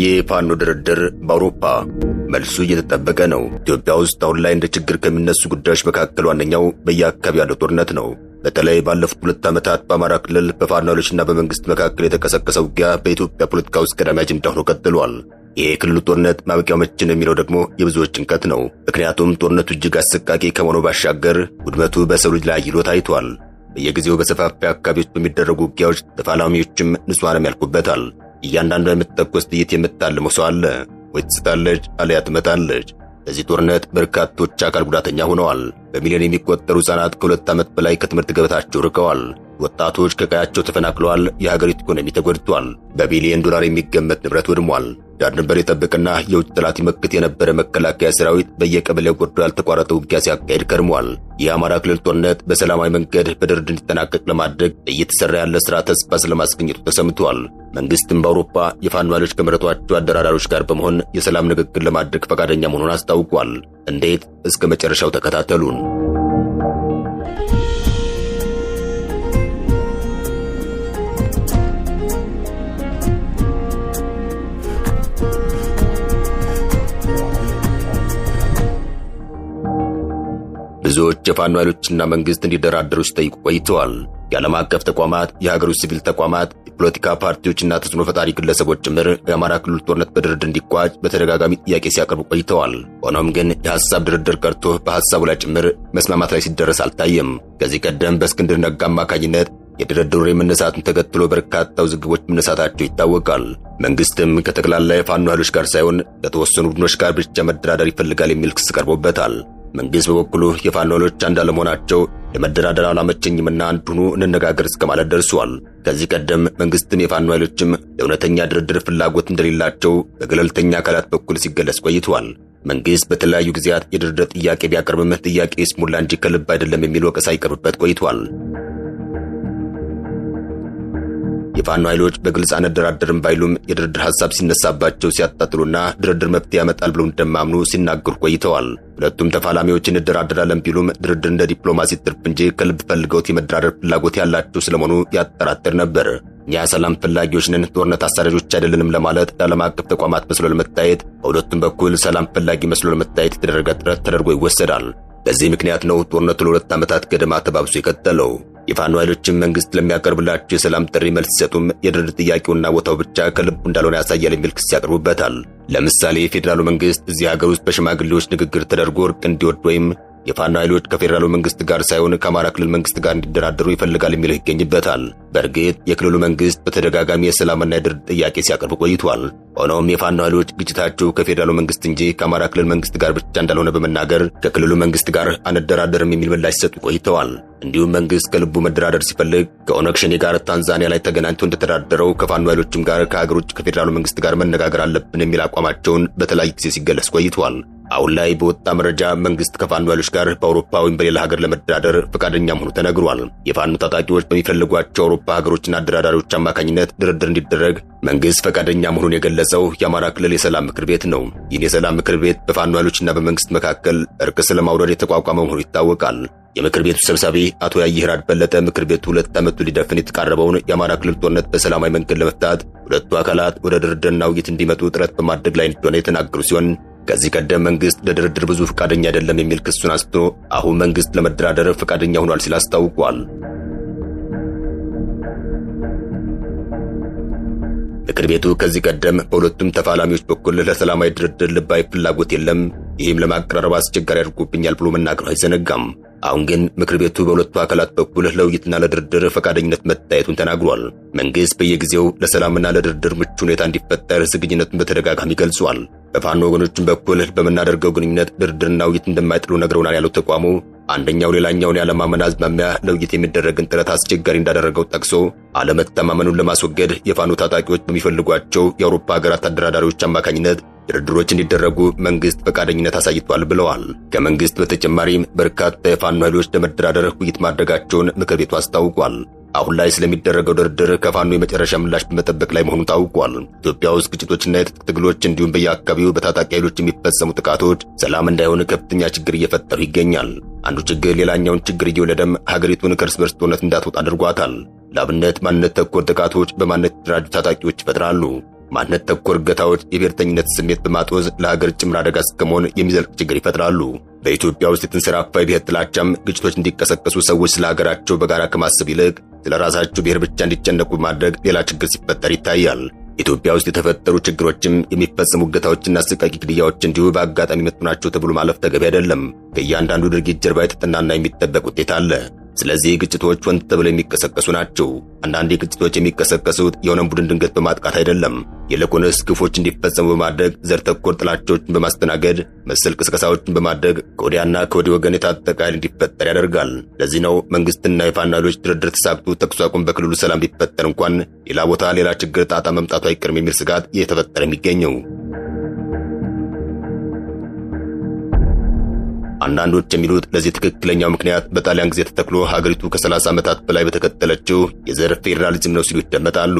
የፋኖ ድርድር በአውሮፓ መልሱ እየተጠበቀ ነው። ኢትዮጵያ ውስጥ አሁን ላይ እንደ ችግር ከሚነሱ ጉዳዮች መካከል ዋነኛው በየአካባቢ ያለው ጦርነት ነው። በተለይ ባለፉት ሁለት ዓመታት በአማራ ክልል በፋኖ ኃይሎችና በመንግስት መካከል የተቀሰቀሰ ውጊያ በኢትዮጵያ ፖለቲካ ውስጥ ቀዳሚ አጀንዳ ሆኖ ቀጥሏል። ይህ የክልሉ ጦርነት ማብቂያ መቼ ነው የሚለው ደግሞ የብዙዎች ጭንቀት ነው። ምክንያቱም ጦርነቱ እጅግ አሰቃቂ ከመሆኑ ባሻገር ውድመቱ በሰው ልጅ ላይ ይሎ ታይቷል። በየጊዜው በሰፋፊ አካባቢዎች በሚደረጉ ውጊያዎች ተፋላሚዎችም ንጹሐንም ያልኩበታል። እያንዳንዱ የምትተኮስ ጥይት የምታልመው ሰው አለ ወይ ትስታለች፣ አለያ ትመታለች። በዚህ ጦርነት በርካቶች አካል ጉዳተኛ ሆነዋል። በሚሊዮን የሚቆጠሩ ሕፃናት ከሁለት ዓመት በላይ ከትምህርት ገበታቸው ርቀዋል። ወጣቶች ከቀያቸው ተፈናቅለዋል። የሀገሪቱ ኢኮኖሚ ተጎድቷል። በቢሊዮን ዶላር የሚገመት ንብረት ወድሟል። ዳር ድንበር የጠበቀና የውጭ ጠላት ይመክት የነበረ መከላከያ ሰራዊት በየቀበሌው ጎርዶ ያልተቋረጠ ውጊያ ሲያካሄድ ከርሟል። የአማራ ክልል ጦርነት በሰላማዊ መንገድ በድርድር እንዲጠናቀቅ ለማድረግ እየተሰራ ያለ ስራ ተስፋ ስለማስገኘቱ ተሰምቷል። መንግስትም በአውሮፓ የፋኖ ኃይሎች ከመረጧቸው አደራዳሪዎች ጋር በመሆን የሰላም ንግግር ለማድረግ ፈቃደኛ መሆኑን አስታውቋል። እንዴት እስከ መጨረሻው ተከታተሉን። ብዙዎች የፋኖ ኃይሎችና መንግሥት እንዲደራደሩ ሲጠይቁ ቆይተዋል። የዓለም አቀፍ ተቋማት፣ የሀገሮች ሲቪል ተቋማት፣ የፖለቲካ ፓርቲዎችና ተጽዕኖ ፈጣሪ ግለሰቦች ጭምር የአማራ ክልል ጦርነት በድርድር እንዲቋጭ በተደጋጋሚ ጥያቄ ሲያቀርቡ ቆይተዋል። ሆኖም ግን የሀሳብ ድርድር ቀርቶ በሀሳቡ ላይ ጭምር መስማማት ላይ ሲደረስ አልታየም። ከዚህ ቀደም በእስክንድር ነጋ አማካኝነት የድርድሩ የመነሳትን ተከትሎ በርካታ ውዝግቦች መነሳታቸው ይታወቃል። መንግስትም ከጠቅላላ የፋኖ ኃይሎች ጋር ሳይሆን ከተወሰኑ ቡድኖች ጋር ብቻ መደራደር ይፈልጋል የሚል ክስ ቀርቦበታል። መንግሥት በበኩሉ የፋኖሎች አንድ አለመሆናቸው ለመደራደር አላመቸኝምና አንድ እንነጋገር እስከ ማለት ደርሷል። ከዚህ ቀደም መንግሥትን የፋኖ ኃይሎችም ለእውነተኛ ድርድር ፍላጎት እንደሌላቸው በገለልተኛ አካላት በኩል ሲገለጽ ቆይተዋል። መንግሥት በተለያዩ ጊዜያት የድርድር ጥያቄ ቢያቀርብም ጥያቄ ስሙላ እንጂ ከልብ አይደለም የሚል ወቀሳ ይቀርብበት ቆይቷል። የፋኖ ኃይሎች በግልጽ አነደራደርም ባይሉም የድርድር ሀሳብ ሲነሳባቸው ሲያጣጥሉና ድርድር መፍትሄ ያመጣል ብለው እንደማምኑ ሲናገሩ ቆይተዋል። ሁለቱም ተፋላሚዎች እንደራደራለን ቢሉም ድርድር እንደ ዲፕሎማሲ ትርፍ እንጂ ከልብ ፈልገውት የመደራደር ፍላጎት ያላቸው ስለመሆኑ ያጠራጥር ነበር። እኛ ሰላም ፈላጊዎች ነን፣ ጦርነት አሳዳጆች አይደለንም ለማለት ለዓለም አቀፍ ተቋማት መስሎ ለመታየት በሁለቱም በኩል ሰላም ፈላጊ መስሎ ለመታየት የተደረገ ጥረት ተደርጎ ይወሰዳል። በዚህ ምክንያት ነው ጦርነቱ ለሁለት ዓመታት ገደማ ተባብሶ የቀጠለው። የፋኖ ኃይሎችን መንግስት ለሚያቀርብላቸው የሰላም ጥሪ መልስ ሲሰጡም የድርድር ጥያቄውና ቦታው ብቻ ከልቡ እንዳልሆነ ያሳያል የሚል ክስ ያቀርቡበታል። ለምሳሌ የፌዴራሉ መንግስት እዚህ ሀገር ውስጥ በሽማግሌዎች ንግግር ተደርጎ እርቅ እንዲወድ ወይም የፋኖ ኃይሎች ከፌዴራሉ መንግስት ጋር ሳይሆን ከአማራ ክልል መንግስት ጋር እንዲደራደሩ ይፈልጋል የሚለው ይገኝበታል። በእርግጥ የክልሉ መንግስት በተደጋጋሚ የሰላምና የድርድር ጥያቄ ሲያቀርብ ቆይቷል። ሆኖም የፋኖ ኃይሎች ግጭታቸው ከፌዴራሉ መንግስት እንጂ ከአማራ ክልል መንግስት ጋር ብቻ እንዳልሆነ በመናገር ከክልሉ መንግስት ጋር አንደራደርም የሚል ምላሽ ሲሰጡ ቆይተዋል። እንዲሁም መንግስት ከልቡ መደራደር ሲፈልግ ከኦነግ ሸኔ ጋር ታንዛኒያ ላይ ተገናኝቶ እንደተደራደረው ከፋኖ ኃይሎችም ጋር ከሀገር ውጭ ከፌዴራሉ መንግስት ጋር መነጋገር አለብን የሚል አቋማቸውን በተለያዩ ጊዜ ሲገለጽ ቆይተዋል። አሁን ላይ በወጣ መረጃ መንግስት ከፋኖ ኃይሎች ጋር በአውሮፓ ወይም በሌላ ሀገር ለመደራደር ፈቃደኛ መሆኑ ተነግሯል። የፋኖ ታጣቂዎች በሚፈልጓቸው አውሮፓ ሀገሮችና አደራዳሪዎች አማካኝነት ድርድር እንዲደረግ መንግስት ፈቃደኛ መሆኑን የገለጸው የአማራ ክልል የሰላም ምክር ቤት ነው። ይህን የሰላም ምክር ቤት በፋኖ ኃይሎችና በመንግስት መካከል እርቅ ስለማውረድ የተቋቋመ መሆኑ ይታወቃል። የምክር ቤቱ ሰብሳቢ አቶ ራድ በለጠ ምክር ቤቱ ሁለት ዓመቱ ሊደፍን የተቃረበውን የአማራ ክልል ጦርነት በሰላማዊ መንገድ ለመፍታት ሁለቱ አካላት ወደ ድርድርና ውይይት እንዲመጡ ጥረት በማድረግ ላይ እንደሆነ የተናገሩ ሲሆን ከዚህ ቀደም መንግስት ለድርድር ብዙ ፈቃደኛ አይደለም የሚል ክሱን አንስቶ አሁን መንግስት ለመደራደር ፈቃደኛ ሆኗል ሲል አስታውቋል። ምክር ቤቱ ከዚህ ቀደም በሁለቱም ተፋላሚዎች በኩል ለሰላማዊ ድርድር ልባዊ ፍላጎት የለም፣ ይህም ለማቀራረብ አስቸጋሪ አድርጎብኛል ብሎ መናገሩ አይዘነጋም። አሁን ግን ምክር ቤቱ በሁለቱ አካላት በኩል ለውይይትና ለድርድር ፈቃደኝነት መታየቱን ተናግሯል። መንግስት በየጊዜው ለሰላምና ለድርድር ምቹ ሁኔታ እንዲፈጠር ዝግጅነቱን በተደጋጋሚ ገልጿል። በፋኖ ወገኖችን በኩል በምናደርገው ግንኙነት ድርድርና ውይይት እንደማይጥሉ ነግረውናል ያሉት ተቋሙ አንደኛው ሌላኛውን ያለማመን አዝማሚያ ለውይይት የሚደረግን ጥረት አስቸጋሪ እንዳደረገው ጠቅሶ አለመተማመኑን ለማስወገድ የፋኖ ታጣቂዎች በሚፈልጓቸው የአውሮፓ ሀገራት አደራዳሪዎች አማካኝነት ድርድሮች እንዲደረጉ መንግስት ፈቃደኝነት አሳይቷል ብለዋል። ከመንግስት በተጨማሪም በርካታ የፋኖ ኃይሎች ለመደራደር ውይይት ማድረጋቸውን ምክር ቤቱ አስታውቋል። አሁን ላይ ስለሚደረገው ድርድር ከፋኖ የመጨረሻ ምላሽ በመጠበቅ ላይ መሆኑን ታውቋል። ኢትዮጵያ ውስጥ ግጭቶችና የትጥቅ ትግሎች እንዲሁም በየአካባቢው በታጣቂ ኃይሎች የሚፈጸሙ ጥቃቶች ሰላም እንዳይሆን ከፍተኛ ችግር እየፈጠሩ ይገኛል። አንዱ ችግር ሌላኛውን ችግር እየወለደም ሀገሪቱን ከእርስ በርስ ጦርነት እንዳትወጣ አድርጓታል። ለአብነት ማንነት ተኮር ጥቃቶች በማንነት የተደራጁ ታጣቂዎች ይፈጥራሉ። ማንነት ተኮር እገታዎች የብሔርተኝነት ስሜት በማጦዝ ለሀገር ጭምር አደጋ እስከመሆን የሚዘልቅ ችግር ይፈጥራሉ። በኢትዮጵያ ውስጥ የተንሰራፋ የብሔር ጥላቻም ግጭቶች እንዲቀሰቀሱ ሰዎች ስለ ሀገራቸው በጋራ ከማሰብ ይልቅ ስለ ብሔር ብቻ እንዲጨነቁ ማድረግ ሌላ ችግር ሲፈጠር ይታያል። ኢትዮጵያ ውስጥ የተፈጠሩ ችግሮችም የሚፈጸሙ እገታዎችና አሰቃቂ ግድያዎች እንዲሁ በአጋጣሚ ናቸው ተብሎ ማለፍ ተገቢ አይደለም። ከእያንዳንዱ ድርጊት ጀርባ የተጠናና የሚጠበቅ ውጤት አለ። ስለዚህ ግጭቶች ሆን ተብለው የሚቀሰቀሱ ናቸው። አንዳንዴ ግጭቶች የሚቀሰቀሱት የሆነን ቡድን ድንገት በማጥቃት አይደለም። ይልቁንስ ግፎች እንዲፈጸሙ በማድረግ ዘር ተኮር ጥላቻዎችን በማስተናገድ መሰል ቅስቀሳዎችን በማድረግ ከወዲያና ከወዲህ ወገን የታጠቀ ኃይል እንዲፈጠር ያደርጋል። ለዚህ ነው መንግስትና የፋኖ ኃይሎች ድርድር ተሳክቶ ተኩስ አቁም በክልሉ ሰላም ቢፈጠር እንኳን ሌላ ቦታ ሌላ ችግር ጣጣ መምጣቱ አይቀርም የሚል ስጋት እየተፈጠረ የሚገኘው። አንዳንዶች የሚሉት ለዚህ ትክክለኛው ምክንያት በጣሊያን ጊዜ ተተክሎ ሀገሪቱ ከ30 ዓመታት በላይ በተከተለችው የዘር ፌዴራሊዝም ነው ሲሉ ይደመጣሉ።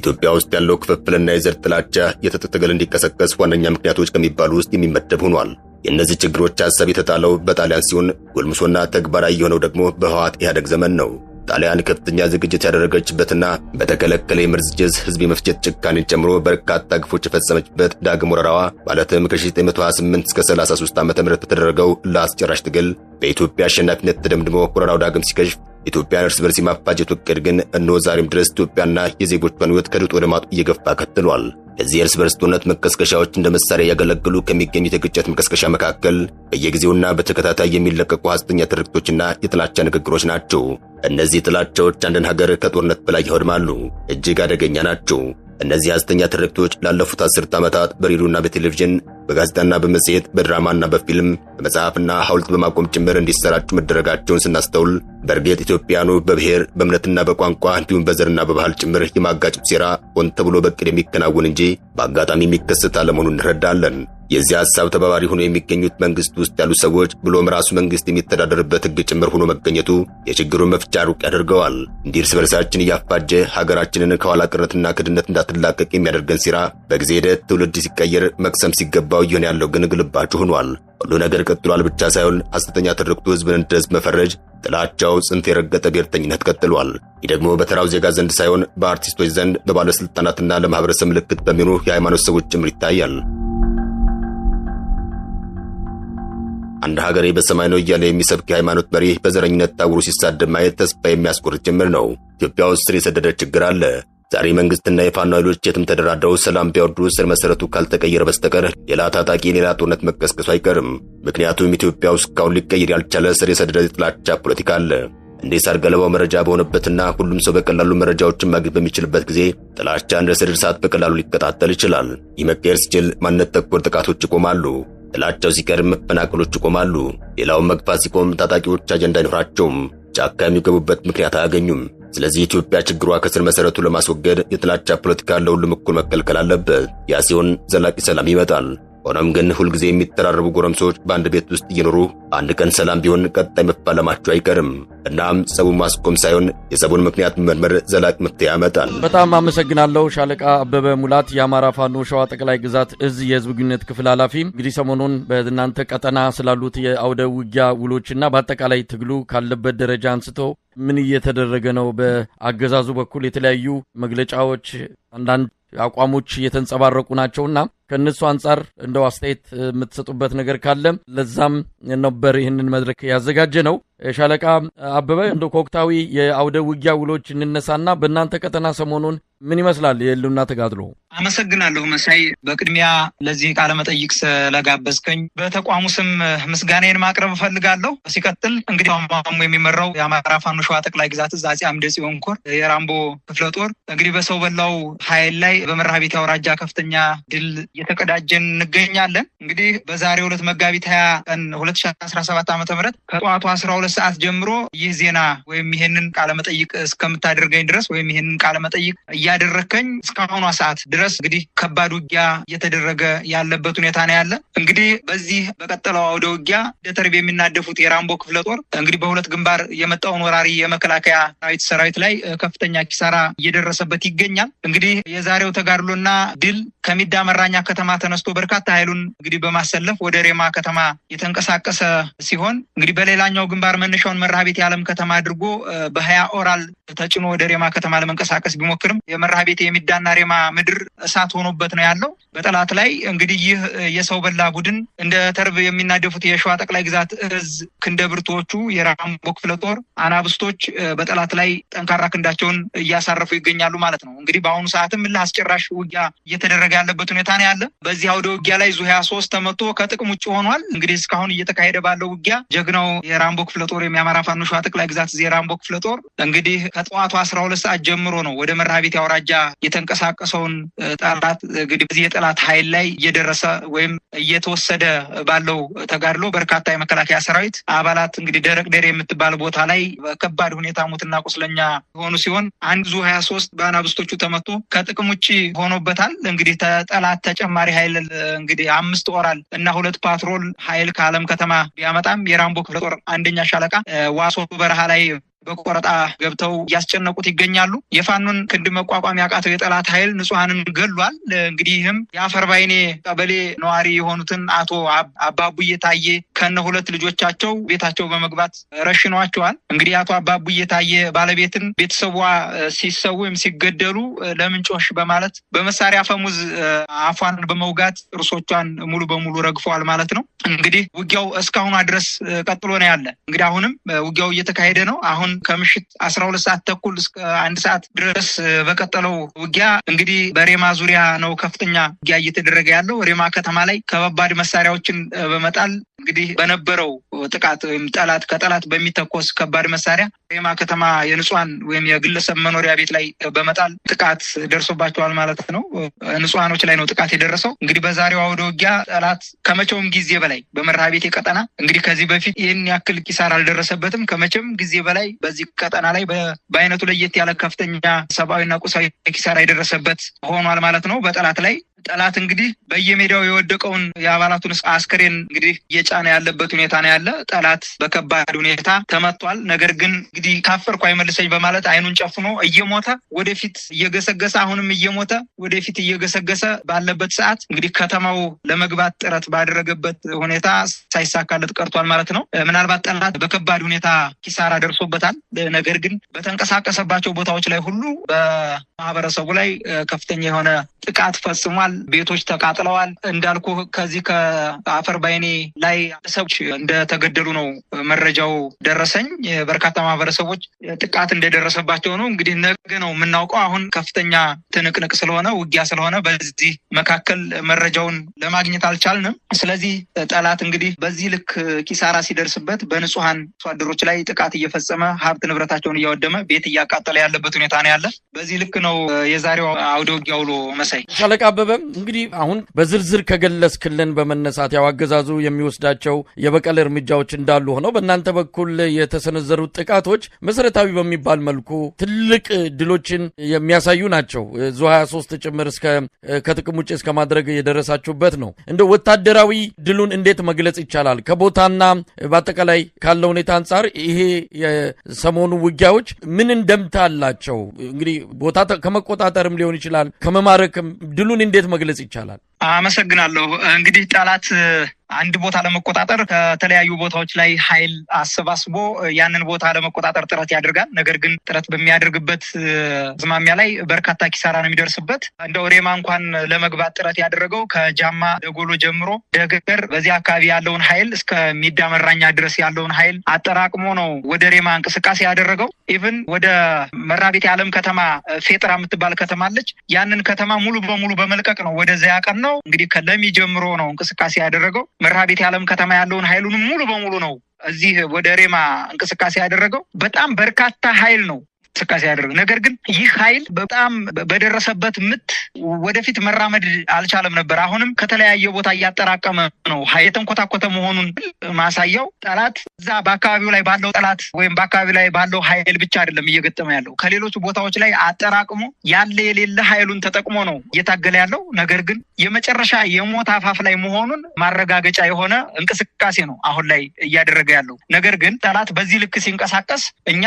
ኢትዮጵያ ውስጥ ያለው ክፍፍልና የዘር ጥላቻ የትጥቅ ትግል እንዲቀሰቀስ ዋነኛ ምክንያቶች ከሚባሉ ውስጥ የሚመደብ ሆኗል። የእነዚህ ችግሮች ሐሳብ የተጣለው በጣሊያን ሲሆን ጎልምሶና ተግባራዊ የሆነው ደግሞ በህወሓት ኢህአደግ ዘመን ነው። ጣሊያን ከፍተኛ ዝግጅት ያደረገችበትና በተከለከለ የመርዝ ጭስ ህዝብ የመፍጀት ጭካኔን ጨምሮ በርካታ ግፎች የፈጸመችበት ዳግም ወረራዋ ማለትም ከ1928 እስከ 33 ዓ ም በተደረገው ለአስጨራሽ ትግል በኢትዮጵያ አሸናፊነት ተደምድሞ ወረራው ዳግም ሲከሽፍ ኢትዮጵያን እርስ በርስ የማፋጀቱ እቅድ ግን እነሆ ዛሬም ድረስ ኢትዮጵያና የዜጎቿን ህይወት ከድጡ ወደ ማጡ እየገፋ ቀጥሏል። ለዚህ የእርስ በርስ ጦርነት መቀስቀሻዎች እንደ መሳሪያ ያገለግሉ ከሚገኙት የግጭት መቀስቀሻ መካከል በየጊዜውና በተከታታይ የሚለቀቁ ሐሰተኛ ትርክቶችና የጥላቻ ንግግሮች ናቸው። እነዚህ ጥላቻዎች አንድን ሀገር ከጦርነት በላይ ያወድማሉ፣ እጅግ አደገኛ ናቸው። እነዚህ አስተኛ ትርክቶች ላለፉት አስርት ዓመታት በሬዲዮና በቴሌቪዥን በጋዜጣና በመጽሔት በድራማና በፊልም በመጽሐፍና ሐውልት በማቆም ጭምር እንዲሰራጩ መደረጋቸውን ስናስተውል በእርግጥ ኢትዮጵያኑ በብሔር በእምነትና በቋንቋ እንዲሁም በዘርና በባህል ጭምር የማጋጨት ሴራ ሆን ተብሎ በቅድ የሚከናወን እንጂ በአጋጣሚ የሚከሰት አለመሆኑን እንረዳለን። የዚህ ሐሳብ ተባባሪ ሆኖ የሚገኙት መንግስት ውስጥ ያሉ ሰዎች ብሎም ራሱ መንግስት የሚተዳደርበት ሕግ ጭምር ሆኖ መገኘቱ የችግሩን መፍቻ ሩቅ ያደርገዋል። እንዲህ እርስ በርሳችን እያፋጀ ሀገራችንን ከኋላ ቅርነትና ክድነት እንዳትላቀቅ የሚያደርገን ሴራ በጊዜ ሂደት ትውልድ ሲቀየር መቅሰም ሲገባው እየሆነ ያለው ግን ግልባጩ ሆኗል። ሁሉ ነገር ቀጥሏል ብቻ ሳይሆን ሐሰተኛ ትርክቱ ህዝብን እንደ ሕዝብ መፈረጅ ጥላቻው ጽንፍ የረገጠ ብሔርተኝነት ቀጥሏል። ይህ ደግሞ በተራው ዜጋ ዘንድ ሳይሆን በአርቲስቶች ዘንድ፣ በባለሥልጣናትና ለማኅበረሰብ ምልክት በሚሆኑ የሃይማኖት ሰዎች ጭምር ይታያል። አንድ ሀገሬ በሰማይ ነው እያለ የሚሰብክ የሃይማኖት መሪ በዘረኝነት ታውሮ ሲሳደብ ማየት ተስፋ የሚያስቆርጥ ጭምር ነው። ኢትዮጵያ ውስጥ ስር የሰደደ ችግር አለ። ዛሬ መንግስትና የፋኖ ኃይሎች የትም ተደራድረው ሰላም ቢያወርዱ ስር መሰረቱ ካልተቀየረ በስተቀር ሌላ ታጣቂ ሌላ ጦርነት መቀስቀሱ አይቀርም። ምክንያቱም ኢትዮጵያ ውስጥ እስካሁን ሊቀየር ያልቻለ ስር የሰደደ የጥላቻ ፖለቲካ አለ። እንዴ ሳር ገለባው መረጃ በሆነበትና ሁሉም ሰው በቀላሉ መረጃዎችን ማግኘት በሚችልበት ጊዜ ጥላቻ እንደ ስድር ሰዓት በቀላሉ ሊቀጣጠል ይችላል። ይህ መቀየር ሲችል ማንነት ተኮር ጥቃቶች ይቆማሉ። ጥላቸው ሲቀር መፈናቀሎች ይቆማሉ። ሌላውን መግፋት ሲቆም ታጣቂዎች አጀንዳ አይኖራቸውም፣ ጫካ የሚገቡበት ምክንያት አያገኙም። ስለዚህ ኢትዮጵያ ችግሯ ከስር መሰረቱ ለማስወገድ የጥላቻ ፖለቲካ ለሁሉም እኩል መከልከል አለበት። ያ ሲሆን ዘላቂ ሰላም ይመጣል። ሆኖም ግን ሁልጊዜ የሚተራረቡ ጎረምሶች በአንድ ቤት ውስጥ እየኖሩ አንድ ቀን ሰላም ቢሆን ቀጣይ መፋለማቸው አይቀርም። እናም ጸቡን ማስቆም ሳይሆን የጸቡን ምክንያት መመርመር ዘላቅ መፍትሄ ያመጣል። በጣም አመሰግናለሁ ሻለቃ አበበ ሙላት፣ የአማራ ፋኖ ሸዋ ጠቅላይ ግዛት እዝ የህዝብ ግንኙነት ክፍል ኃላፊ። እንግዲህ ሰሞኑን በእናንተ ቀጠና ስላሉት የአውደ ውጊያ ውሎችና በአጠቃላይ ትግሉ ካለበት ደረጃ አንስቶ ምን እየተደረገ ነው? በአገዛዙ በኩል የተለያዩ መግለጫዎች አንዳንድ አቋሞች እየተንጸባረቁ ናቸውና ከእነሱ አንጻር እንደው አስተያየት የምትሰጡበት ነገር ካለ ለዛም ነበር ይህንን መድረክ ያዘጋጀ ነው። ሻለቃ አበበ እንደ ከወቅታዊ የአውደ ውጊያ ውሎች እንነሳና በእናንተ ቀጠና ሰሞኑን ምን ይመስላል የህልውና ተጋድሎ? አመሰግናለሁ መሳይ። በቅድሚያ ለዚህ ቃለ መጠይቅ ስለጋበዝከኝ በተቋሙ ስም ምስጋናዬን ማቅረብ እፈልጋለሁ። ሲቀጥል እንግዲህ ማሙ የሚመራው የአማራ ፋኖ ሸዋ ጠቅላይ ግዛት እዝ አፄ አምደ ጽዮን ኮር የራምቦ ክፍለ ጦር እንግዲህ በሰው በላው ኃይል ላይ ቤት አውራጃ ከፍተኛ ድል እየተቀዳጀን እንገኛለን። እንግዲህ በዛሬ ሁለት መጋቢት ሀያ ቀን ሁለት ሺ አስራ ሰባት ዓመተ ምህረት ከጠዋቱ አስራ ሁለት ሰዓት ጀምሮ ይህ ዜና ወይም ይሄንን ቃለመጠይቅ እስከምታደርገኝ ድረስ ወይም ይሄንን መጠይቅ እያደረከኝ እስካሁኗ ሰዓት ድረስ እንግዲህ ከባድ ውጊያ እየተደረገ ያለበት ሁኔታ ነው ያለ። እንግዲህ በዚህ በቀጠለው አውደ ውጊያ ደተርቤ የሚናደፉት የራምቦ ክፍለ ጦር እንግዲህ በሁለት ግንባር የመጣውን ወራሪ የመከላከያ ሰራዊት ሰራዊት ላይ ከፍተኛ ኪሳራ እየደረሰበት ይገኛል። እንግዲህ የዛሬው ተጋድሎና ድል ከሚዳ መራኛ ከተማ ተነስቶ በርካታ ኃይሉን እንግዲህ በማሰለፍ ወደ ሬማ ከተማ የተንቀሳቀሰ ሲሆን እንግዲህ በሌላኛው ግንባር መነሻውን መርሃቤት የዓለም ከተማ አድርጎ በሀያ ኦራል ተጭኖ ወደ ሬማ ከተማ ለመንቀሳቀስ ቢሞክርም የመራህ ቤት የሚዳና ሬማ ምድር እሳት ሆኖበት ነው ያለው በጠላት ላይ እንግዲህ ይህ የሰው በላ ቡድን እንደ ተርብ የሚናደፉት የሸዋ ጠቅላይ ግዛት እዝ ክንደ ብርቶቹ የራምቦ ክፍለ ጦር አናብስቶች በጠላት ላይ ጠንካራ ክንዳቸውን እያሳረፉ ይገኛሉ ማለት ነው። እንግዲህ በአሁኑ ሰዓትም እልህ አስጨራሽ ውጊያ እየተደረገ ያለበት ሁኔታ ነው ያለ። በዚህ አውደ ውጊያ ላይ ዙ ሀያ ሶስት ተመቶ ከጥቅም ውጭ ሆኗል። እንግዲህ እስካሁን እየተካሄደ ባለው ውጊያ ጀግናው የራምቦ ክፍለ ጦር የሚያመራ ፋኖ ሸዋ ጠቅላይ ግዛት እዝ የራምቦ ክፍለ ጦር እንግዲህ ከጠዋቱ አስራ ሁለት ሰዓት ጀምሮ ነው ወደ መርሃ ቤት አውራጃ የተንቀሳቀሰውን ጠላት እንግዲህ በዚህ የጠላት ኃይል ላይ እየደረሰ ወይም እየተወሰደ ባለው ተጋድሎ በርካታ የመከላከያ ሰራዊት አባላት እንግዲህ ደረቅ ደሬ የምትባል ቦታ ላይ በከባድ ሁኔታ ሙትና ቁስለኛ የሆኑ ሲሆን አንድ ዙ ሀያ ሶስት በአናብስቶቹ ተመቶ ከጥቅም ውጭ ሆኖበታል። እንግዲህ ተጠላት ተጨማሪ ኃይል እንግዲህ አምስት ኦራል እና ሁለት ፓትሮል ኃይል ከአለም ከተማ ቢያመጣም የራምቦ ክፍለ ጦር አንደኛ ሻለቃ ዋሶ በረሃ ላይ በቆረጣ ገብተው እያስጨነቁት ይገኛሉ። የፋኑን ክንድ መቋቋም ያቃተው የጠላት ኃይል ንጹሐንን ገሏል። እንግዲህ ይህም የአፈርባይኔ ቀበሌ ነዋሪ የሆኑትን አቶ አባቡዬ ታዬ ከነ ሁለት ልጆቻቸው ቤታቸው በመግባት ረሽኗቸዋል። እንግዲህ አቶ አባቡዬ ታዬ ባለቤትን ቤተሰቧ ሲሰው ወይም ሲገደሉ ለምን ጮሽ በማለት በመሳሪያ ፈሙዝ አፏን በመውጋት ጥርሶቿን ሙሉ በሙሉ ረግፈዋል ማለት ነው። እንግዲህ ውጊያው እስካሁኗ ድረስ ቀጥሎ ነው ያለ። እንግዲህ አሁንም ውጊያው እየተካሄደ ነው። አሁን ከምሽት አስራ ሁለት ሰዓት ተኩል እስከ አንድ ሰዓት ድረስ በቀጠለው ውጊያ እንግዲህ በሬማ ዙሪያ ነው ከፍተኛ ውጊያ እየተደረገ ያለው። ሬማ ከተማ ላይ ከባባድ መሳሪያዎችን በመጣል እንግዲህ በነበረው ጥቃት ወይም ጠላት ከጠላት በሚተኮስ ከባድ መሳሪያ ሬማ ከተማ የንጹሀን ወይም የግለሰብ መኖሪያ ቤት ላይ በመጣል ጥቃት ደርሶባቸዋል ማለት ነው። ንጹሀኖች ላይ ነው ጥቃት የደረሰው። እንግዲህ በዛሬው አውደ ውጊያ ጠላት ከመቼውም ጊዜ በላይ በመርሃ ቤት ቀጠና እንግዲህ ከዚህ በፊት ይህን ያክል ኪሳራ አልደረሰበትም። ከመቼም ጊዜ በላይ በዚህ ቀጠና ላይ በአይነቱ ለየት ያለ ከፍተኛ ሰብአዊና ቁሳዊ ኪሳራ የደረሰበት ሆኗል ማለት ነው በጠላት ላይ ጠላት እንግዲህ በየሜዳው የወደቀውን የአባላቱን አስከሬን እንግዲህ እየጫነ ያለበት ሁኔታ ነው ያለ። ጠላት በከባድ ሁኔታ ተመቷል። ነገር ግን እንግዲህ ካፈርኩ አይመልሰኝ በማለት አይኑን ጨፍኖ እየሞተ ወደፊት እየገሰገሰ አሁንም እየሞተ ወደፊት እየገሰገሰ ባለበት ሰዓት እንግዲህ ከተማው ለመግባት ጥረት ባደረገበት ሁኔታ ሳይሳካለት ቀርቷል ማለት ነው። ምናልባት ጠላት በከባድ ሁኔታ ኪሳራ ደርሶበታል። ነገር ግን በተንቀሳቀሰባቸው ቦታዎች ላይ ሁሉ በማህበረሰቡ ላይ ከፍተኛ የሆነ ጥቃት ፈጽሟል። ቤቶች ተቃጥለዋል። እንዳልኩ ከዚህ ከአፈር ባይኔ ላይ ሰዎች እንደተገደሉ ነው መረጃው ደረሰኝ። በርካታ ማህበረሰቦች ጥቃት እንደደረሰባቸው ነው። እንግዲህ ነገ ነው የምናውቀው። አሁን ከፍተኛ ትንቅንቅ ስለሆነ ውጊያ ስለሆነ በዚህ መካከል መረጃውን ለማግኘት አልቻልንም። ስለዚህ ጠላት እንግዲህ በዚህ ልክ ኪሳራ ሲደርስበት በንጹሀን አደሮች ላይ ጥቃት እየፈጸመ ሀብት ንብረታቸውን እያወደመ ቤት እያቃጠለ ያለበት ሁኔታ ነው ያለ። በዚህ ልክ ነው የዛሬው አውደ ውጊያ ውሎ መሳይ ሻለቃ አበበም እንግዲህ አሁን በዝርዝር ከገለጽክልን በመነሳት ያው አገዛዙ የሚወስዳቸው የበቀል እርምጃዎች እንዳሉ ሆነው በእናንተ በኩል የተሰነዘሩት ጥቃቶች መሰረታዊ በሚባል መልኩ ትልቅ ድሎችን የሚያሳዩ ናቸው። ዙ 23 ጭምር ከጥቅም ውጭ እስከ ማድረግ የደረሳችሁበት ነው። እንደ ወታደራዊ ድሉን እንዴት መግለጽ ይቻላል? ከቦታና በአጠቃላይ ካለው ሁኔታ አንጻር ይሄ የሰሞኑ ውጊያዎች ምን እንደምታ አላቸው? እንግዲህ ቦታ ከመቆጣጠርም ሊሆን ይችላል ከመማረክም ድሉን እንዴት መግለጽ ይቻላል። አመሰግናለሁ። እንግዲህ ጠላት አንድ ቦታ ለመቆጣጠር ከተለያዩ ቦታዎች ላይ ኃይል አሰባስቦ ያንን ቦታ ለመቆጣጠር ጥረት ያደርጋል። ነገር ግን ጥረት በሚያደርግበት ዝማሚያ ላይ በርካታ ኪሳራ ነው የሚደርስበት። እንደ ሬማ እንኳን ለመግባት ጥረት ያደረገው ከጃማ ደጎሎ ጀምሮ ደገር፣ በዚህ አካባቢ ያለውን ኃይል እስከ ሚዳመራኛ ድረስ ያለውን ኃይል አጠራቅሞ ነው ወደ ሬማ እንቅስቃሴ ያደረገው። ኢቭን ወደ መራቤት የዓለም ከተማ ፌጥራ የምትባል ከተማ አለች። ያንን ከተማ ሙሉ በሙሉ በመልቀቅ ነው ወደዚያ ያቀና ነው እንግዲህ ከለሚ ጀምሮ ነው እንቅስቃሴ ያደረገው። መርሃቤት የዓለም ከተማ ያለውን ሀይሉንም ሙሉ በሙሉ ነው እዚህ ወደ ሬማ እንቅስቃሴ ያደረገው። በጣም በርካታ ኃይል ነው እንቅስቃሴ ያደርግ። ነገር ግን ይህ ኃይል በጣም በደረሰበት ምት ወደፊት መራመድ አልቻለም ነበር። አሁንም ከተለያየ ቦታ እያጠራቀመ ነው። የተንኮታኮተ መሆኑን ማሳያው ጠላት እዛ በአካባቢው ላይ ባለው ጠላት ወይም በአካባቢው ላይ ባለው ኃይል ብቻ አይደለም እየገጠመ ያለው ከሌሎች ቦታዎች ላይ አጠራቅሞ ያለ የሌለ ኃይሉን ተጠቅሞ ነው እየታገለ ያለው። ነገር ግን የመጨረሻ የሞት አፋፍ ላይ መሆኑን ማረጋገጫ የሆነ እንቅስቃሴ ነው አሁን ላይ እያደረገ ያለው። ነገር ግን ጠላት በዚህ ልክ ሲንቀሳቀስ እኛ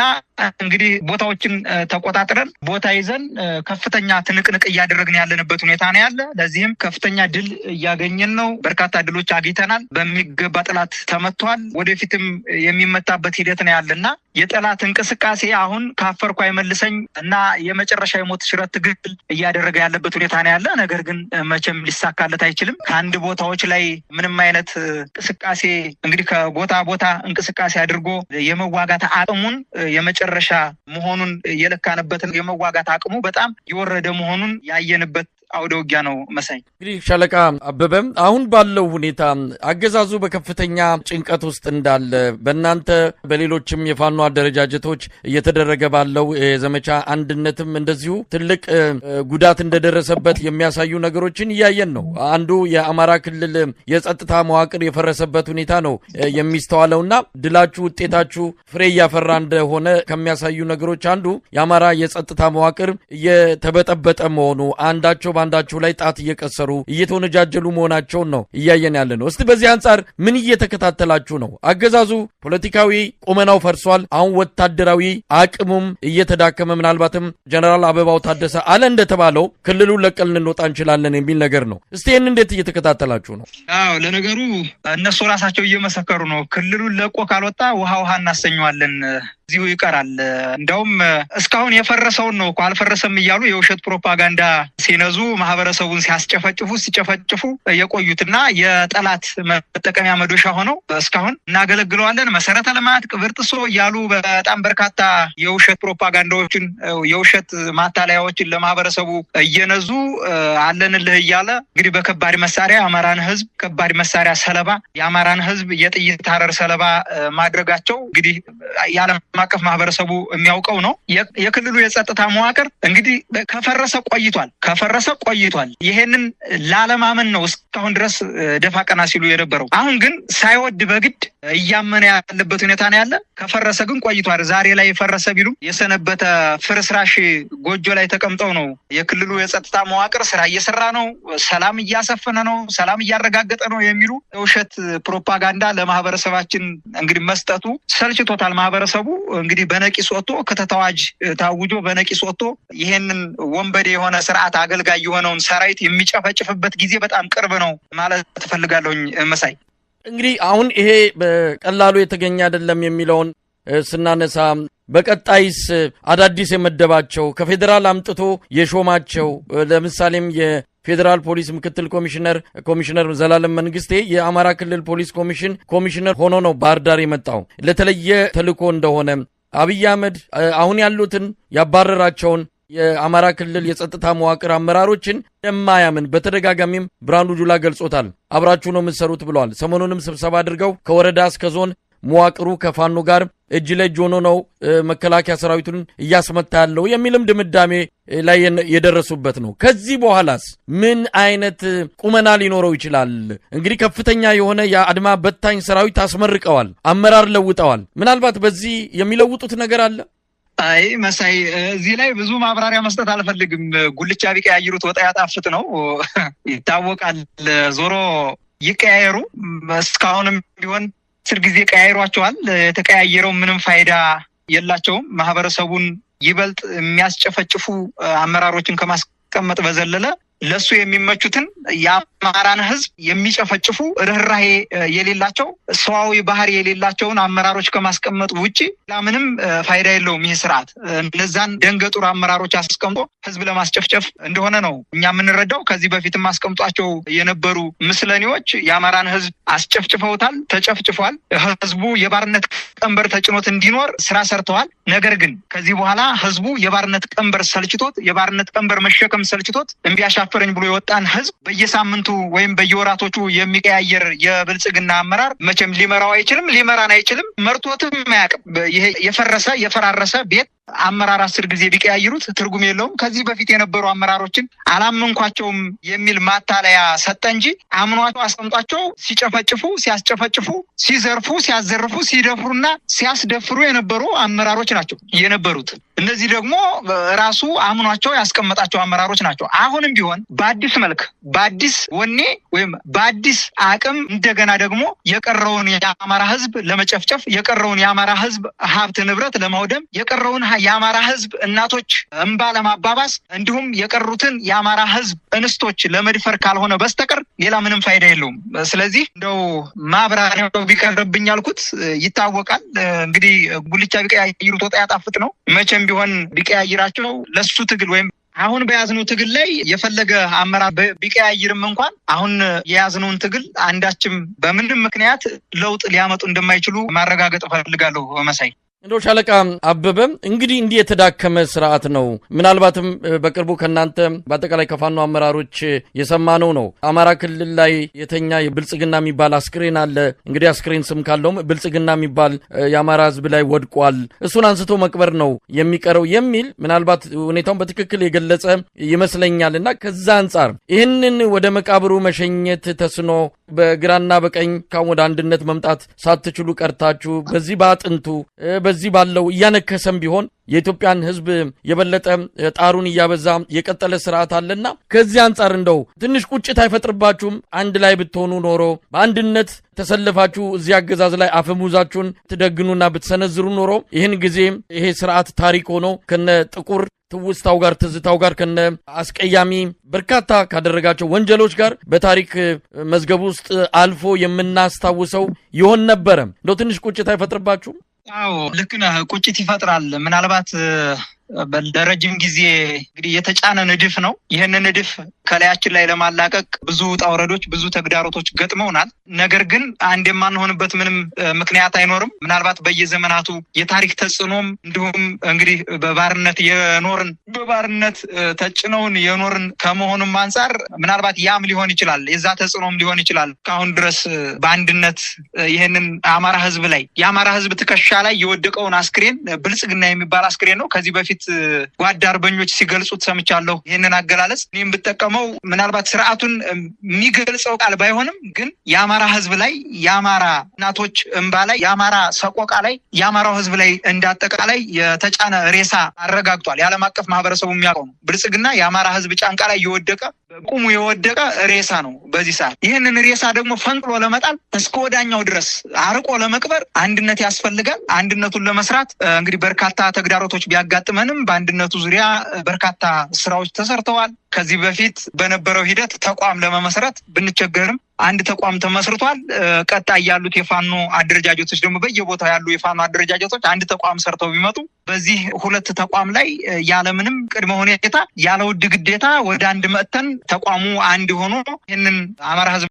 እንግዲህ ቦታዎች ቦታዎችን ተቆጣጥረን ቦታ ይዘን ከፍተኛ ትንቅንቅ እያደረግን ያለንበት ሁኔታ ነው ያለ። ለዚህም ከፍተኛ ድል እያገኘን ነው። በርካታ ድሎች አግኝተናል። በሚገባ ጠላት ተመቷል። ወደፊትም የሚመታበት ሂደት ነው ያለና የጠላት እንቅስቃሴ አሁን ካፈርኩ አይመልሰኝ እና የመጨረሻ የሞት ሽረት ትግል እያደረገ ያለበት ሁኔታ ነው ያለ። ነገር ግን መቼም ሊሳካለት አይችልም። ከአንድ ቦታዎች ላይ ምንም አይነት እንቅስቃሴ እንግዲህ ከቦታ ቦታ እንቅስቃሴ አድርጎ የመዋጋት አቅሙን የመጨረሻ መሆኑን የለካንበትን የመዋጋት አቅሙ በጣም የወረደ መሆኑን ያየንበት አውደ ውጊያ ነው መሳይ። እንግዲህ ሻለቃ አበበም አሁን ባለው ሁኔታ አገዛዙ በከፍተኛ ጭንቀት ውስጥ እንዳለ በእናንተ በሌሎችም የፋኖ አደረጃጀቶች እየተደረገ ባለው የዘመቻ አንድነትም እንደዚሁ ትልቅ ጉዳት እንደደረሰበት የሚያሳዩ ነገሮችን እያየን ነው። አንዱ የአማራ ክልል የጸጥታ መዋቅር የፈረሰበት ሁኔታ ነው የሚስተዋለውና ድላችሁ ውጤታችሁ ፍሬ እያፈራ እንደሆነ ከሚያሳዩ ነገሮች አንዱ የአማራ የጸጥታ መዋቅር እየተበጠበጠ መሆኑ አንዳቸው በአንዳቸው ላይ ጣት እየቀሰሩ እየተወነጃጀሉ መሆናቸውን ነው እያየን ያለ ነው። እስቲ በዚህ አንጻር ምን እየተከታተላችሁ ነው? አገዛዙ ፖለቲካዊ ቁመናው ፈርሷል። አሁን ወታደራዊ አቅሙም እየተዳከመ ምናልባትም ጀነራል አበባው ታደሰ አለ እንደተባለው ክልሉን ለቀን ልንወጣ እንችላለን የሚል ነገር ነው። እስቲ ይህን እንዴት እየተከታተላችሁ ነው? አዎ ለነገሩ እነሱ ራሳቸው እየመሰከሩ ነው። ክልሉን ለቆ ካልወጣ ውሃ ውሃ እናሰኘዋለን እዚሁ ይቀራል። እንደውም እስካሁን የፈረሰውን ነው እኮ አልፈረሰም እያሉ የውሸት ፕሮፓጋንዳ ሲነዙ ማህበረሰቡን ሲያስጨፈጭፉ ሲጨፈጭፉ የቆዩትና የጠላት መጠቀሚያ መዶሻ ሆነው እስካሁን እናገለግለዋለን መሰረተ ልማት ቅብር ጥሶ እያሉ በጣም በርካታ የውሸት ፕሮፓጋንዳዎችን የውሸት ማታለያዎችን ለማህበረሰቡ እየነዙ አለንልህ እያለ እንግዲህ በከባድ መሳሪያ የአማራን ህዝብ ከባድ መሳሪያ ሰለባ የአማራን ህዝብ የጥይት ታረር ሰለባ ማድረጋቸው እንግዲህ ያለ ዓለም አቀፍ ማህበረሰቡ የሚያውቀው ነው። የክልሉ የጸጥታ መዋቅር እንግዲህ ከፈረሰ ቆይቷል ከፈረሰ ቆይቷል። ይሄንን ላለማመን ነው እስካሁን ድረስ ደፋ ቀና ሲሉ የነበረው። አሁን ግን ሳይወድ በግድ እያመነ ያለበት ሁኔታ ነው ያለ። ከፈረሰ ግን ቆይቷል። ዛሬ ላይ የፈረሰ ቢሉ የሰነበተ ፍርስራሽ ጎጆ ላይ ተቀምጠው ነው። የክልሉ የጸጥታ መዋቅር ስራ እየሰራ ነው፣ ሰላም እያሰፈነ ነው፣ ሰላም እያረጋገጠ ነው የሚሉ የውሸት ፕሮፓጋንዳ ለማህበረሰባችን እንግዲህ መስጠቱ ሰልችቶታል ማህበረሰቡ። እንግዲህ በነቂስ ወጥቶ ከተተዋጅ ታውጆ በነቂስ ወጥቶ ይሄንን ወንበዴ የሆነ ስርዓት አገልጋይ የሆነውን ሰራዊት የሚጨፈጭፍበት ጊዜ በጣም ቅርብ ነው ማለት ትፈልጋለሁኝ። መሳይ እንግዲህ አሁን ይሄ በቀላሉ የተገኘ አይደለም የሚለውን ስናነሳ በቀጣይስ አዳዲስ የመደባቸው ከፌዴራል አምጥቶ የሾማቸው ለምሳሌም ፌዴራል ፖሊስ ምክትል ኮሚሽነር ኮሚሽነር ዘላለም መንግስቴ የአማራ ክልል ፖሊስ ኮሚሽን ኮሚሽነር ሆኖ ነው ባህር ዳር የመጣው ለተለየ ተልእኮ እንደሆነ አብይ አህመድ አሁን ያሉትን ያባረራቸውን የአማራ ክልል የጸጥታ መዋቅር አመራሮችን እንደማያምን በተደጋጋሚም ብርሃኑ ጁላ ገልጾታል። አብራችሁ ነው የምትሰሩት ብለዋል። ሰሞኑንም ስብሰባ አድርገው ከወረዳ እስከ ዞን መዋቅሩ ከፋኖ ጋር እጅ ለእጅ ሆኖ ነው መከላከያ ሰራዊቱን እያስመታ ያለው የሚልም ድምዳሜ ላይ የደረሱበት ነው። ከዚህ በኋላስ ምን አይነት ቁመና ሊኖረው ይችላል? እንግዲህ ከፍተኛ የሆነ የአድማ በታኝ ሰራዊት አስመርቀዋል፣ አመራር ለውጠዋል። ምናልባት በዚህ የሚለውጡት ነገር አለ። አይ መሳይ፣ እዚህ ላይ ብዙ ማብራሪያ መስጠት አልፈልግም። ጉልቻ ቢቀያይሩት ወጣ ያጣፍጥ ነው ይታወቃል። ዞሮ ይቀያየሩ እስካሁንም ቢሆን አስር ጊዜ ቀያይሯቸዋል። የተቀያየረው ምንም ፋይዳ የላቸውም። ማህበረሰቡን ይበልጥ የሚያስጨፈጭፉ አመራሮችን ከማስቀመጥ በዘለለ ለሱ የሚመቹትን የአማራን ህዝብ የሚጨፈጭፉ ርኅራሄ የሌላቸው ሰዋዊ ባህሪ የሌላቸውን አመራሮች ከማስቀመጡ ውጭ ምንም ፋይዳ የለውም ይህ ስርዓት። እነዛን ደንገጡር አመራሮች አስቀምጦ ህዝብ ለማስጨፍጨፍ እንደሆነ ነው እኛ የምንረዳው። ከዚህ በፊትም አስቀምጧቸው የነበሩ ምስለኔዎች የአማራን ህዝብ አስጨፍጭፈውታል፣ ተጨፍጭፏል። ህዝቡ የባርነት ቀንበር ተጭኖት እንዲኖር ስራ ሰርተዋል። ነገር ግን ከዚህ በኋላ ህዝቡ የባርነት ቀንበር ሰልችቶት የባርነት ቀንበር መሸከም ሰልችቶት እንቢያሻ አሻፈረኝ ብሎ የወጣን ህዝብ በየሳምንቱ ወይም በየወራቶቹ የሚቀያየር የብልጽግና አመራር መቼም ሊመራው አይችልም፣ ሊመራን አይችልም፣ መርቶትም አያውቅም። ይሄ የፈረሰ የፈራረሰ ቤት አመራር አስር ጊዜ ቢቀያይሩት ትርጉም የለውም። ከዚህ በፊት የነበሩ አመራሮችን አላመንኳቸውም የሚል ማታለያ ሰጠ እንጂ አምኗቸው አስቀምጧቸው ሲጨፈጭፉ፣ ሲያስጨፈጭፉ፣ ሲዘርፉ፣ ሲያዘርፉ፣ ሲደፍሩና ሲያስደፍሩ የነበሩ አመራሮች ናቸው የነበሩት። እነዚህ ደግሞ ራሱ አምኗቸው ያስቀመጣቸው አመራሮች ናቸው። አሁንም ቢሆን በአዲስ መልክ በአዲስ ወኔ ወይም በአዲስ አቅም እንደገና ደግሞ የቀረውን የአማራ ሕዝብ ለመጨፍጨፍ የቀረውን የአማራ ሕዝብ ሀብት ንብረት ለማውደም የቀረውን የአማራ ህዝብ እናቶች እንባ ለማባባስ እንዲሁም የቀሩትን የአማራ ህዝብ እንስቶች ለመድፈር ካልሆነ በስተቀር ሌላ ምንም ፋይዳ የለውም። ስለዚህ እንደው ማብራሪያው ቢቀርብኝ ያልኩት ይታወቃል። እንግዲህ ጉልቻ ቢቀያይሩት ወጥ ያጣፍጥ ነው። መቼም ቢሆን ቢቀያይራቸው ለሱ ትግል ወይም አሁን በያዝነው ትግል ላይ የፈለገ አመራር ቢቀያይርም እንኳን አሁን የያዝነውን ትግል አንዳችም በምንም ምክንያት ለውጥ ሊያመጡ እንደማይችሉ ማረጋገጥ እፈልጋለሁ መሳይ እንደው ሻለቃ አበበ እንግዲህ እንዲህ የተዳከመ ስርዓት ነው። ምናልባትም በቅርቡ ከእናንተ በአጠቃላይ ከፋኖ አመራሮች የሰማነው ነው። አማራ ክልል ላይ የተኛ ብልጽግና የሚባል አስክሬን አለ። እንግዲህ አስክሬን ስም ካለውም ብልጽግና የሚባል የአማራ ሕዝብ ላይ ወድቋል፣ እሱን አንስቶ መቅበር ነው የሚቀረው የሚል ምናልባት ሁኔታውን በትክክል የገለጸ ይመስለኛል። እና ከዛ አንጻር ይህንን ወደ መቃብሩ መሸኘት ተስኖ በግራና በቀኝ ካሁን ወደ አንድነት መምጣት ሳትችሉ ቀርታችሁ በዚህ በአጥንቱ በዚህ ባለው እያነከሰም ቢሆን የኢትዮጵያን ሕዝብ የበለጠ ጣሩን እያበዛ የቀጠለ ስርዓት አለና ከዚህ አንጻር እንደው ትንሽ ቁጭት አይፈጥርባችሁም? አንድ ላይ ብትሆኑ ኖሮ በአንድነት ተሰልፋችሁ እዚህ አገዛዝ ላይ አፈሙዛችሁን ትደግኑና ብትሰነዝሩ ኖሮ ይህን ጊዜ ይሄ ስርዓት ታሪክ ሆኖ ከነ ጥቁር ትውስታው ጋር ትዝታው ጋር ከነ አስቀያሚ በርካታ ካደረጋቸው ወንጀሎች ጋር በታሪክ መዝገብ ውስጥ አልፎ የምናስታውሰው ይሆን ነበረ። እንደው ትንሽ ቁጭት አይፈጥርባችሁም? አዎ ልክ ነህ። ቁጭት ይፈጥራል። ምናልባት ለረጅም ጊዜ እንግዲህ የተጫነ ንድፍ ነው። ይህንን ንድፍ ከላያችን ላይ ለማላቀቅ ብዙ ውጣ ውረዶች፣ ብዙ ተግዳሮቶች ገጥመውናል። ነገር ግን አንድ የማንሆንበት ምንም ምክንያት አይኖርም። ምናልባት በየዘመናቱ የታሪክ ተጽዕኖም እንዲሁም እንግዲህ በባርነት የኖርን በባርነት ተጭነውን የኖርን ከመሆኑም አንጻር ምናልባት ያም ሊሆን ይችላል፣ የዛ ተጽዕኖም ሊሆን ይችላል። ከአሁን ድረስ በአንድነት ይህንን አማራ ህዝብ ላይ የአማራ ህዝብ ትከሻ ላይ የወደቀውን አስክሬን ብልጽግና የሚባል አስክሬን ነው። ከዚህ በፊት ጓዳ አርበኞች ሲገልጹት ሰምቻለሁ። ይህንን አገላለጽ እኔም ብጠቀመው ደግሞ ምናልባት ስርዓቱን የሚገልጸው ቃል ባይሆንም ግን የአማራ ህዝብ ላይ የአማራ እናቶች እንባ ላይ የአማራ ሰቆቃ ላይ የአማራው ህዝብ ላይ እንዳጠቃላይ የተጫነ ሬሳ አረጋግጧል። የዓለም አቀፍ ማህበረሰቡ የሚያውቀው ነው። ብልጽግና የአማራ ህዝብ ጫንቃ ላይ እየወደቀ ቁሙ የወደቀ ሬሳ ነው። በዚህ ሰዓት ይህንን ሬሳ ደግሞ ፈንቅሎ ለመጣል እስከ ወዳኛው ድረስ አርቆ ለመቅበር አንድነት ያስፈልጋል። አንድነቱን ለመስራት እንግዲህ በርካታ ተግዳሮቶች ቢያጋጥመንም በአንድነቱ ዙሪያ በርካታ ስራዎች ተሰርተዋል። ከዚህ በፊት በነበረው ሂደት ተቋም ለመመስረት ብንቸገርም አንድ ተቋም ተመስርቷል። ቀጣይ ያሉት የፋኖ አደረጃጀቶች ደግሞ በየቦታው ያሉ የፋኖ አደረጃጀቶች አንድ ተቋም ሰርተው ቢመጡ በዚህ ሁለት ተቋም ላይ ያለምንም ቅድመ ሁኔታ ያለ ውድ ግዴታ ወደ አንድ መጥተን ተቋሙ አንድ ሆኖ ይህንን አማራ ሕዝብ